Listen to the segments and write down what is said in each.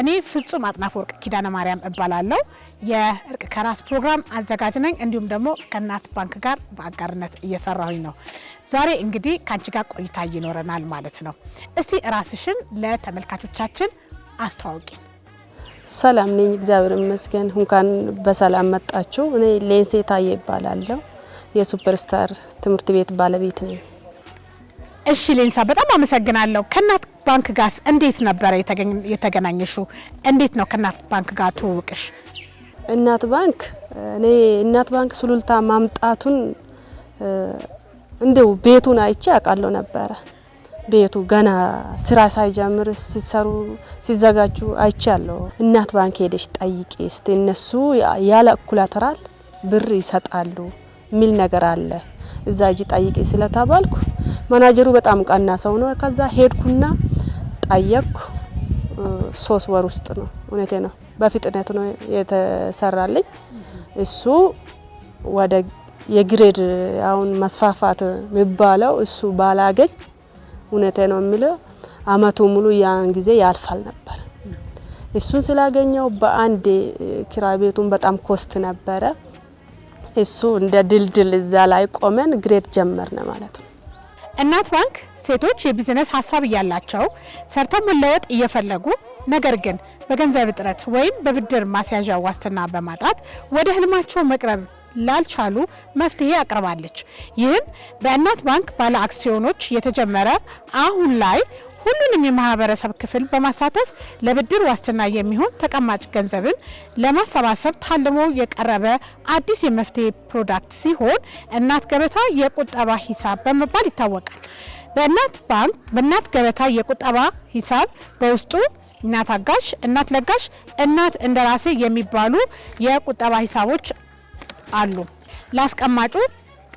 እኔ ፍጹም አጥናፍ ወርቅ ኪዳነ ማርያም እባላለሁ። የእርቅ ከራስ ፕሮግራም አዘጋጅ ነኝ። እንዲሁም ደግሞ ከእናት ባንክ ጋር በአጋርነት እየሰራሁኝ ነው። ዛሬ እንግዲህ ከአንቺ ጋር ቆይታ ይኖረናል ማለት ነው። እስቲ ራስሽን ለተመልካቾቻችን አስተዋውቂ። ሰላም ነኝ፣ እግዚአብሔር ይመስገን። እንኳን በሰላም መጣችሁ። እኔ ሌንሴ ታዬ ይባላለሁ። የሱፐርስታር ትምህርት ቤት ባለቤት ነኝ። እሺ ሌንሳ፣ በጣም አመሰግናለሁ። ከእናት ባንክ ጋስ እንዴት ነበረ የተገናኘሹ? እንዴት ነው ከእናት ባንክ ጋር ትውውቅሽ? እናት ባንክ እኔ እናት ባንክ ሱሉልታ ማምጣቱን እንደው ቤቱን አይቼ አውቃለሁ ነበረ። ቤቱ ገና ስራ ሳይጀምር ሲሰሩ ሲዘጋጁ አይቼ ያለው እናት ባንክ ሄደሽ ጠይቂ እስቲ እነሱ ያለ እኩላተራል ብር ይሰጣሉ ሚል ነገር አለ እዛ እጅ ጠይቂ ስለተባልኩ ማናጀሩ በጣም ቀና ሰው ነው። ከዛ ሄድኩና ከጠየቅኩ ሶስት ወር ውስጥ ነው። እውነቴ ነው፣ በፍጥነት ነው የተሰራልኝ። እሱ ወደ የግሬድ አሁን መስፋፋት የሚባለው እሱ ባላገኝ እውነቴ ነው የሚለው አመቱ ሙሉ ያን ጊዜ ያልፋል ነበር። እሱን ስላገኘው በአንድ ኪራይ ቤቱን በጣም ኮስት ነበረ። እሱ እንደ ድልድል እዛ ላይ ቆመን ግሬድ ጀመርን ማለት ነው። እናት ባንክ ሴቶች የቢዝነስ ሀሳብ እያላቸው ሰርተው መለወጥ እየፈለጉ ነገር ግን በገንዘብ እጥረት ወይም በብድር ማስያዣ ዋስትና በማጣት ወደ ህልማቸው መቅረብ ላልቻሉ መፍትሄ አቅርባለች። ይህም በእናት ባንክ ባለ አክሲዮኖች የተጀመረ አሁን ላይ ሁሉንም የማህበረሰብ ክፍል በማሳተፍ ለብድር ዋስትና የሚሆን ተቀማጭ ገንዘብን ለማሰባሰብ ታልሞ የቀረበ አዲስ የመፍትሄ ፕሮዳክት ሲሆን እናት ገበታ የቁጠባ ሂሳብ በመባል ይታወቃል። በእናት ባንክ በእናት ገበታ የቁጠባ ሂሳብ በውስጡ እናት አጋሽ፣ እናት ለጋሽ፣ እናት እንደራሴ የሚባሉ የቁጠባ ሂሳቦች አሉ። ላስቀማጩ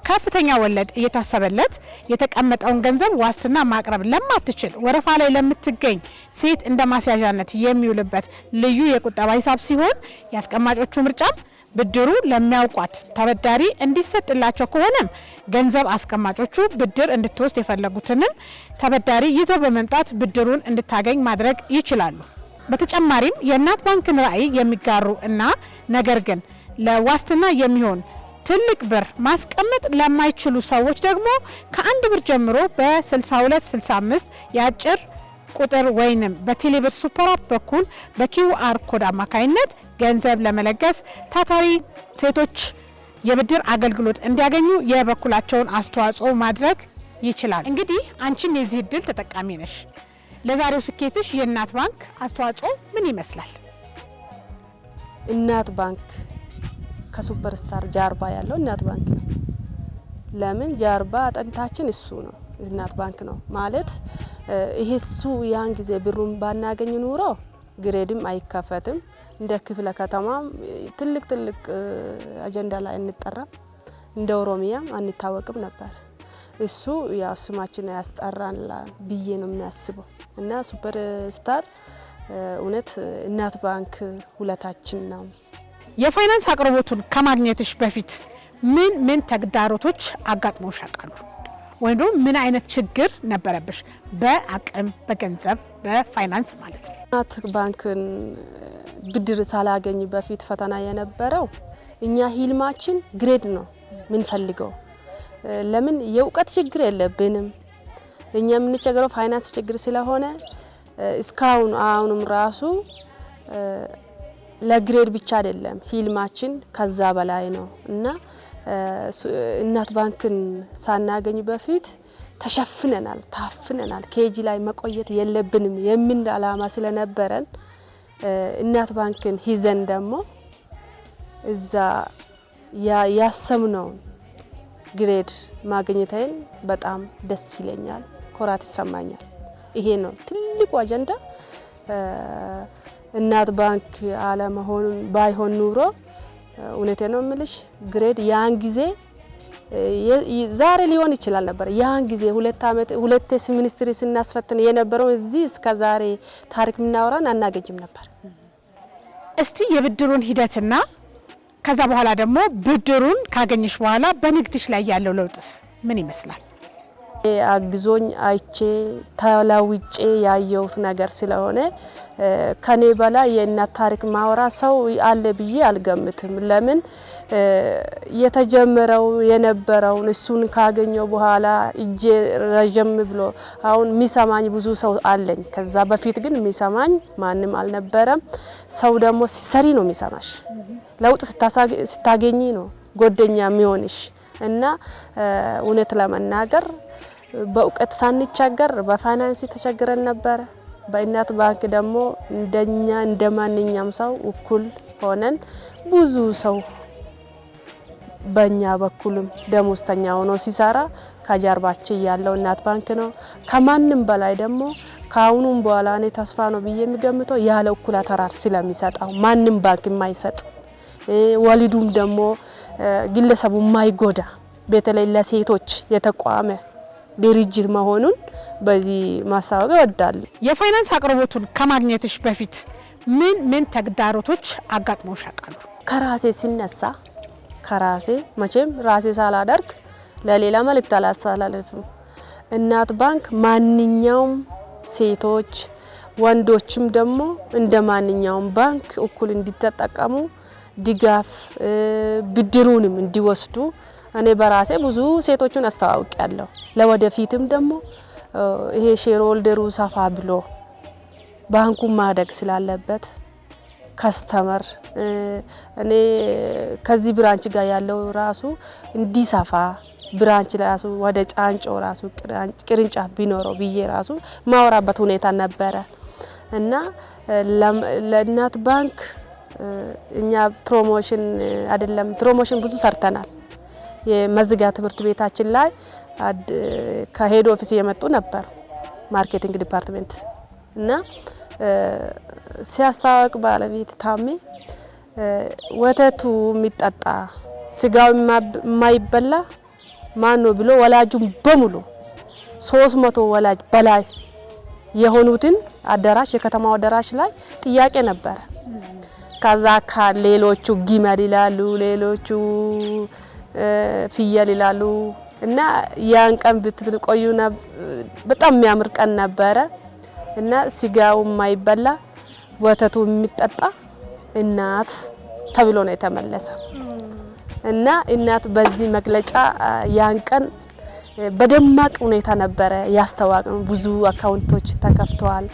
ከፍተኛ ወለድ እየታሰበለት የተቀመጠውን ገንዘብ ዋስትና ማቅረብ ለማትችል ወረፋ ላይ ለምትገኝ ሴት እንደ ማስያዣነት የሚውልበት ልዩ የቁጠባ ሂሳብ ሲሆን የአስቀማጮቹ ምርጫም ብድሩ ለሚያውቋት ተበዳሪ እንዲሰጥላቸው ከሆነም ገንዘብ አስቀማጮቹ ብድር እንድትወስድ የፈለጉትንም ተበዳሪ ይዘው በመምጣት ብድሩን እንድታገኝ ማድረግ ይችላሉ። በተጨማሪም የእናት ባንክን ራዕይ የሚጋሩ እና ነገር ግን ለዋስትና የሚሆን ትልቅ ብር ማስቀመጥ ለማይችሉ ሰዎች ደግሞ ከአንድ ብር ጀምሮ በ6265 የአጭር ቁጥር ወይንም በቴሌብር ሱፐር አፕ በኩል በኪውአር ኮድ አማካይነት ገንዘብ ለመለገስ ታታሪ ሴቶች የብድር አገልግሎት እንዲያገኙ የበኩላቸውን አስተዋጽኦ ማድረግ ይችላል። እንግዲህ አንቺም የዚህ እድል ተጠቃሚ ነሽ። ለዛሬው ስኬትሽ የእናት ባንክ አስተዋጽኦ ምን ይመስላል? እናት ባንክ ከሱፐር ስታር ጀርባ ያለው እናት ባንክ ነው። ለምን ጀርባ አጥንታችን እሱ ነው፣ እናት ባንክ ነው ማለት ይሄ እሱ ያን ጊዜ ብሩን ባናገኝ ኑሮ ግሬድም አይከፈትም። እንደ ክፍለ ከተማ ትልቅ ትልቅ አጀንዳ ላይ እንጠራም፣ እንደ ኦሮሚያም አንታወቅም ነበር። እሱ ያው ስማችን ያስጠራን ብዬ ነው የሚያስበው እና ሱፐር ስታር እውነት እናት ባንክ ሁለታችን ነው። የፋይናንስ አቅርቦቱን ከማግኘትሽ በፊት ምን ምን ተግዳሮቶች አጋጥመውሽ ያውቃሉ? ወይም ደግሞ ምን አይነት ችግር ነበረብሽ? በአቅም በገንዘብ በፋይናንስ ማለት ነው። እናት ባንክን ብድር ሳላገኝ በፊት ፈተና የነበረው እኛ ሂልማችን ግሬድ ነው ምንፈልገው። ለምን የእውቀት ችግር የለብንም። እኛ የምንቸገረው ፋይናንስ ችግር ስለሆነ እስካሁን አሁንም ራሱ ለግሬድ ብቻ አይደለም ሂልማችን ከዛ በላይ ነው እና እናት ባንክን ሳናገኝ በፊት ተሸፍነናል፣ ታፍነናል። ኬጂ ላይ መቆየት የለብንም የምን አላማ ስለነበረን እናት ባንክን ሂዘን ደግሞ እዛ ያሰምነውን ግሬድ ማግኘቴን በጣም ደስ ይለኛል፣ ኩራት ይሰማኛል። ይሄ ነው ትልቁ አጀንዳ። እናት ባንክ አለመሆኑን ባይሆን ኑሮ እውነቴ ነው የምልሽ ግሬድ ያን ጊዜ ዛሬ ሊሆን ይችላል ነበር። ያን ጊዜ ሁለት ዓመት ሁለት ሚኒስትሪ ስናስፈትን የነበረው እዚህ እስከ ዛሬ ታሪክ የምናወራን አናገኝም ነበር። እስቲ የብድሩን ሂደትና ከዛ በኋላ ደግሞ ብድሩን ካገኘሽ በኋላ በንግድሽ ላይ ያለው ለውጥስ ምን ይመስላል? አግዞኝ አይቼ ተለውጬ ያየሁት ነገር ስለሆነ ከኔ በላይ የእናት ታሪክ ማውራ ሰው አለ ብዬ አልገምትም። ለምን የተጀመረው የነበረውን እሱን ካገኘው በኋላ እጄ ረዥም ብሎ አሁን የሚሰማኝ ብዙ ሰው አለኝ። ከዛ በፊት ግን የሚሰማኝ ማንም አልነበረም። ሰው ደግሞ ሲሰሪ ነው የሚሰማሽ፣ ለውጥ ስታገኝ ነው ጓደኛ የሚሆንሽ እና እውነት ለመናገር በእውቀት ሳንቸገር በፋይናንስ ተቸግረን ነበረ። በእናት ባንክ ደግሞ እንደኛ እንደ ማንኛውም ሰው እኩል ሆነን ብዙ ሰው በእኛ በኩልም ደሞዝተኛ ሆኖ ሲሰራ ከጀርባችን ያለው እናት ባንክ ነው። ከማንም በላይ ደግሞ ከአሁኑም በኋላ እኔ ተስፋ ነው ብዬ የሚገምተው ያለ እኩል አተራር ስለሚሰጠው ማንም ባንክ የማይሰጥ ወሊዱም ደግሞ ግለሰቡ የማይጎዳ በተለይ ለሴቶች የተቋመ ድርጅት መሆኑን በዚህ ማስታወቅ ወዳል። የፋይናንስ አቅርቦቱን ከማግኘትሽ በፊት ምን ምን ተግዳሮቶች አጋጥመውሽ ያውቃሉ? ከራሴ ሲነሳ ከራሴ መቼም ራሴ ሳላደርግ ለሌላ መልእክት አላስተላልፍም። እናት ባንክ ማንኛውም ሴቶች ወንዶችም ደግሞ እንደ ማንኛውም ባንክ እኩል እንዲተጠቀሙ ድጋፍ ብድሩንም እንዲወስዱ እኔ በራሴ ብዙ ሴቶቹን አስተዋውቅ ያለው ለወደፊትም ደግሞ ይሄ ሼር ሆልደሩ ሰፋ ብሎ ባንኩ ማደግ ስላለበት ከስተመር እኔ ከዚህ ብራንች ጋር ያለው ራሱ እንዲሰፋ ብራንች ራሱ ወደ ጫንጮ ራሱ ቅርንጫፍ ቢኖረው ብዬ ራሱ ማወራበት ሁኔታ ነበረ እና ለእናት ባንክ እኛ ፕሮሞሽን አይደለም ፕሮሞሽን ብዙ ሰርተናል የመዝጋ ትምህርት ቤታችን ላይ ከሄድ ኦፊስ እየመጡ ነበር ማርኬቲንግ ዲፓርትመንት እና ሲያስታወቅ ባለቤት ታሜ ወተቱ የሚጠጣ ስጋው የማይበላ ማን ነው ብሎ ወላጁን በሙሉ ሶስት መቶ ወላጅ በላይ የሆኑትን አዳራሽ የከተማው አዳራሽ ላይ ጥያቄ ነበረ። ከዛ ሌሎቹ ጊመል ይላሉ ሌሎቹ ፍየል ይላሉ እና ያን ቀን ብትቆዩና በጣም የሚያምር ቀን ነበረ እና ስጋው የማይበላ ወተቱ የሚጠጣ እናት ተብሎ ነው የተመለሰ እና እናት በዚህ መግለጫ ያን ቀን በደማቅ ሁኔታ ነበረ ያስተዋቅ ብዙ አካውንቶች ተከፍተዋል።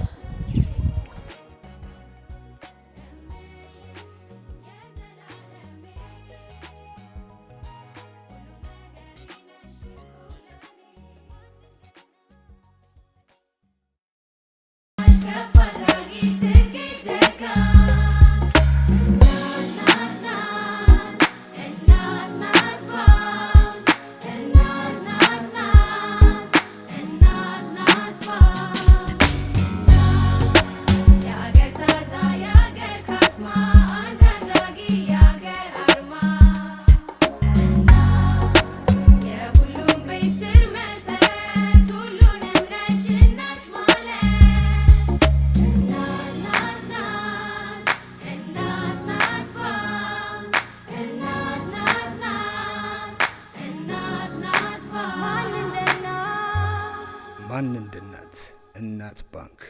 ማን እንድናት እናት ባንክ